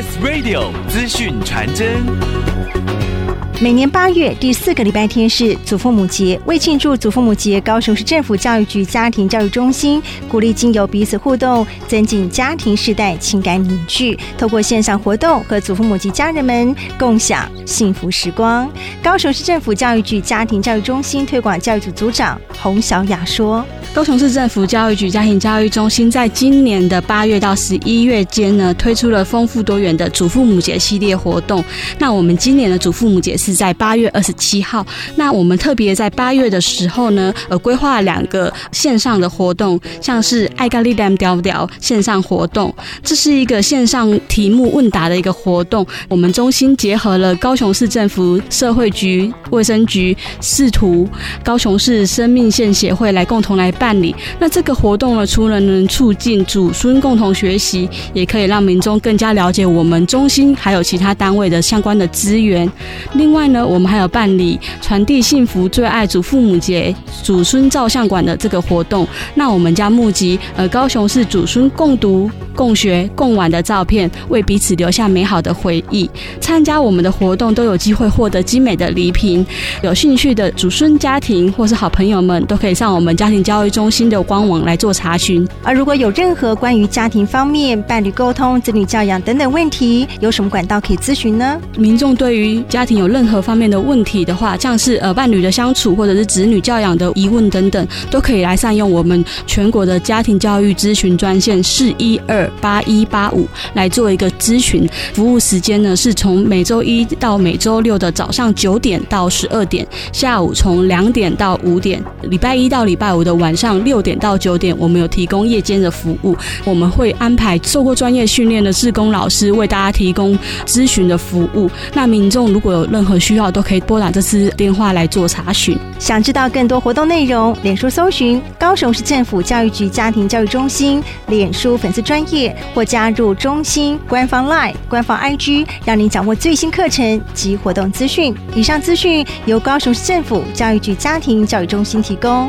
KISS Radio 資訊傳真。每年八月第四個禮拜天是祖父母節，為慶祝祖父母節，高雄市政府教育局家庭教育中心鼓勵經由彼此互動，增進家庭世代情感凝聚，透過線上活動和祖父母及家人們共享。幸福時光，高雄市政府教育局家庭教育中心推廣教育組組長洪筱雅說：“高雄市政府教育局家庭教育中心在今年的八月到十一月間呢，推出了豐富多元的祖父母節系列活動。那我們今年的祖父母節是在八月二十七號。那我們特別在八月的時候呢，呃，規劃了兩個線上的活動，像是愛咖喱點調調線上活動，這是一個線上題目問答的一個活動。我們中心結合了高。”高雄市政府社會局、衛生局、市圖、高雄市生命線協會來共同來辦理。那這個活動呢，除了能促進祖孫共同學習，也可以讓民眾更加了解我們中心還有其他單位的相關的資源。另外呢，我們還有辦理。傳遞幸福，最愛祖父母節、祖孫照相館的這個活動，那我們將募集呃高雄市祖孫共讀、共學、共玩的照片，為彼此留下美好的回憶。參加我們的活動都有機會獲得精美的禮品。有興趣的祖孫家庭或是好朋友們都可以上我們家庭教育中心的官網來做查詢。而如果有任何關於家庭方面、伴侶溝通、子女教養等等問題，有什麼管道可以諮詢呢？民眾對於家庭有任何方面的問題的話，這樣。是呃，伴侶的相處，或者是子女教養的疑問等等，都可以來善用我們全國的家庭教育諮詢專線四一二八一八五來做一個諮詢。服務時間呢，是從每周一到每周六的早上九點到十二點，下午從兩點到五點，禮拜一到禮拜五的晚上六點到九點，我們有提供夜間的服務。我們會安排受過專業訓練的志工老師為大家提供諮詢的服務。那民眾如果有任何需要，都可以撥打這支電。電話來做查詢。想知道更多活動內容，臉書搜尋高雄市政府教育局家庭教育中心，臉書粉絲專頁或加入中心官方 LINE、官方 IG，讓您掌握最新課程及活動資訊。以上資訊由高雄市政府教育局家庭教育中心提供。